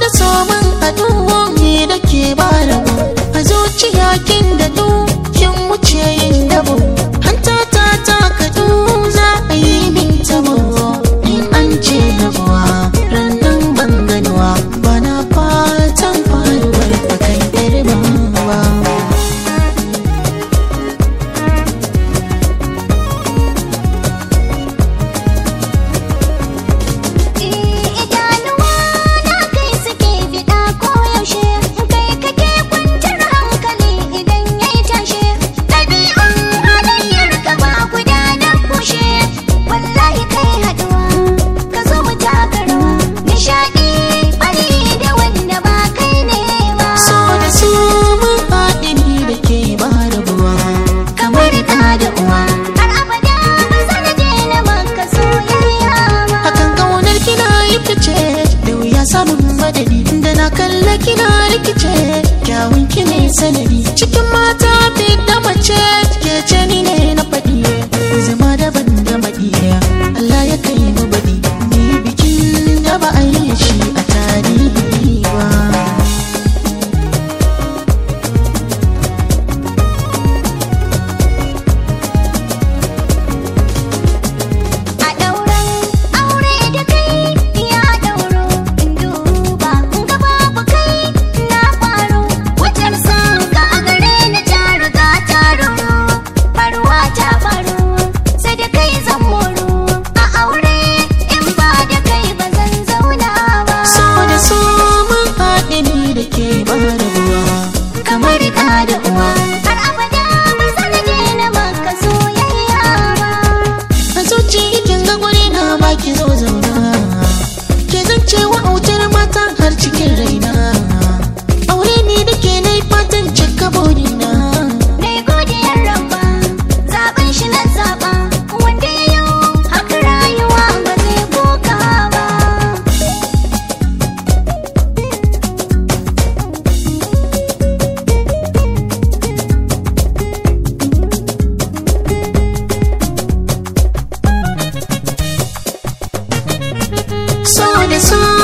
da so mun aduwa kalle kina rikice kyawun ki ne sanadi cikin mata fi da mace ke ce zo zauna ke zan cewa autar mata har cikin raina the